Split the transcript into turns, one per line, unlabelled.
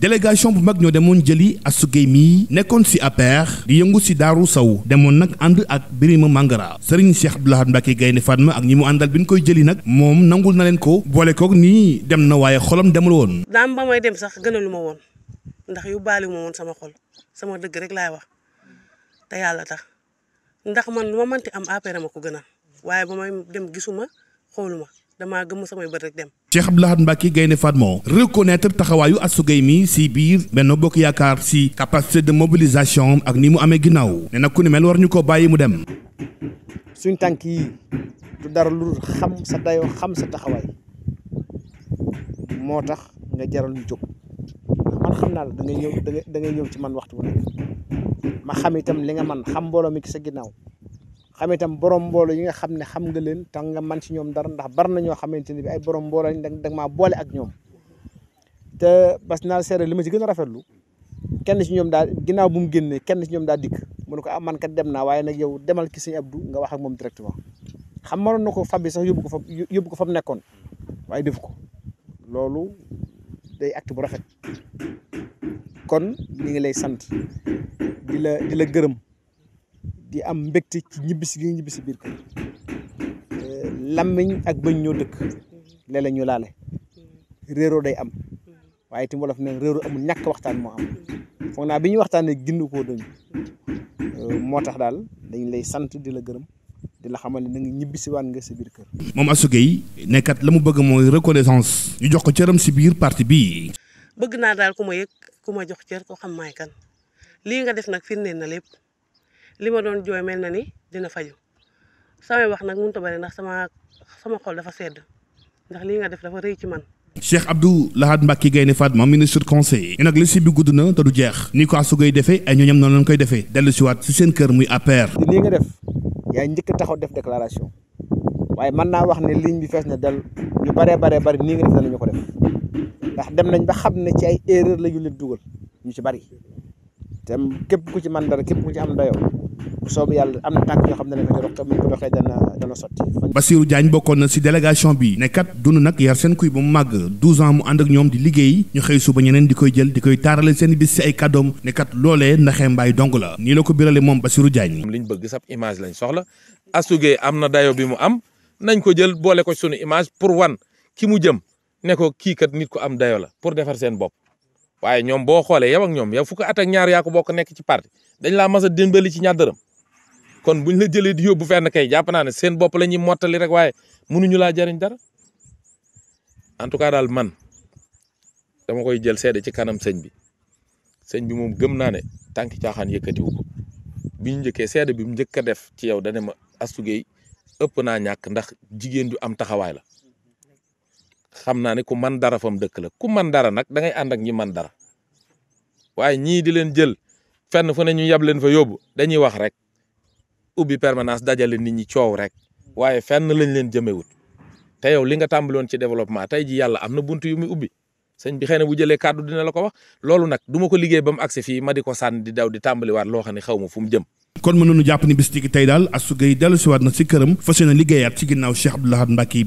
délégation bu mag ñoo demoon jëli Astou Guèye mii nekkoon ci APR di yëngu ci Daaru saw demoon nag ànd ak Birima Mangara Serigne Cheikh Abdou Lahad Mbacké faat ma ak ñi mu àndal bi ñu koy jëli nag moom nangul na leen ko boole koog nii dem na waaye xolam demul woon.
naam ba may dem sax gënalu ma woon ndax yu baali ma woon sama xol sama dëgg rek laay wax te yàlla tax ndax man lu ma mënti am APR ma ko gënal waaye ba may dem gisuma xooluma damaa gëmm samay bët rek dem.
Cheikh Abdou Lahad Mbacké Gaïndé Fatma reconnaître taxawaayu Astou Gueye mi si biir Benno Bokk Yaakaar si capacité de mobilisation ak ni mu amee ginnaaw ne nag ku ni mel war ñu ko bàyyi mu dem.
suñ tànk yi du dara lu xam sa dayoo xam sa taxawaay moo tax nga jaral ñu jóg man xam naa la da ñëw da ñëw ci man waxtu ma xam itam li nga man xam mbooloo mi ci sa ginnaaw. xam itam borom mbooloo yi nga xam ne xam nga leen tax nga man ci ñoom dara ndax bar na ñoo xamante ne bi ay borom mbooloo lañ da maa boole ak ñoom te bas naa seere li ma si gën a rafetlu kenn ci ñoom daal ginnaaw bu mu génnee kenn ci ñoom daal dikk mu ne ko am ah, man kat dem waaye nag yow demal ki sëñ Abdou nga wax ak moom directement xam mënoon na ko fab bi sax yóbbu ko fa yóbbu ko fa mu nekkoon waaye def ko loolu day acte bu rafet kon ñu ngi lay sant la di la gërëm. di am mbégte ci ñibbisi gi ñibbisi biir kër eh, lammiñ ak bëñ ñoo dëkk léeg-léeg ñu laale réeroo day am waaye tim wolof ne réeroo amul ñàkk waxtaan moo am foog naa bi ñuy waxtaanee gind koo dañu eh, moo tax daal dañ lay sant di la gërëm di la xamal ne ñibbi si ñibbisiwaat nga si biir kër.
moom Astou Gueye nekkat la mu bëgg mooy reconnaissance. ñu jox ko cëram si biir partie bii.
bëgg naa daal ku ma yëg ku ma jox cër ko xam maay kan lii nga def nag firndeel na lépp. li ma doon jooy mel na ni dina faju samay wax nag mënut a bari ndax sama sama xol dafa sedd ndax lii nga def dafa rëy ci man.
Cheikh Abdou Lahad Mbacké Gaïndé Fatma ministre conseiller nag li si bi gudd na te du jeex ni ko asugay defee ay ñooñam noonu lañ koy defee dellu si waat seen kër muy APR. li nga
def yaa njëkk taxaw def déclaration waaye mën naa wax ne ligne bi fees na dal ñu baree baree bari nii nga def danañu ko def ndax dem nañ ba xam ne ci ay erreur la ñu leen dugal ñu ci bari te képp ku ci man dara képp ku ci am dayoo bu soobu yàlla am na tànk yoo xam ne dañ ko dox ko doxee dana dana sotti.
Bassirou Diagne bokkoon na si délégation bi ne kat dund nag yar seen kuy ba mu màgg 12 ans mu ànd ak ñoom di liggéey ñu xëy suba ñeneen di koy jël di koy taarale seen bis si ay kàddoom ne kat loolee ndaxee mbaay dong la nii la ko birale moom Bassirou Diagne.
liñ bëgg sab image lañ soxla asugee am na dayo bi mu am nañ ko jël boole ko sunu image pour wan ki mu jëm ne ko kii kat nit ko am dayo la pour defar seen bopp waaye ñoom boo xoolee yow ak ñoom yow fukk at ak ñaar yaa ko bokk nekk ci parti dañ laa mas a démbali ci ñaar dërëm kon ñu la jëlee di yóbbu fenn kay jàpp naa ne seen bopp la ñuy mottali rek waaye mënuñu laa jariñ dara en tout cas daal man dama koy jël seede ci kanam sëñ bi sëñ bi moom gëm naa ne tànk caaxaan yëkkatiwu ko bi ñu njëkkee seede bi mu njëkk a def ci yow dane ma Astou ëpp naa ñàkk ndax jigéen ju am taxawaay la xam naa ne ku man dara fam dëkk la ku man dara nag da ànd ak ñi man dara waaye ñii di leen jël fenn fu ne ñu yab leen fa yóbbu dañuy wax rek ubbi permanence dajale ni ñi coow rek waaye fenn lañ leen jëmewut te yow li nga tàmbaloon ci développement tey ji yàlla am na bunt yu muy ubbi sëñ bi xëy na bu jëlee kàddu dina la ko wax loolu nag du ma ko liggéey ba mu agsi fii ma di ko sànni di daw di tàmbaliwaat loo xam ne xaw ma fu mu jëm
kon mën nañu jàpp ni bis tey daal Astou Gueye dellu siwaat na si ci ginnaaw Cheikh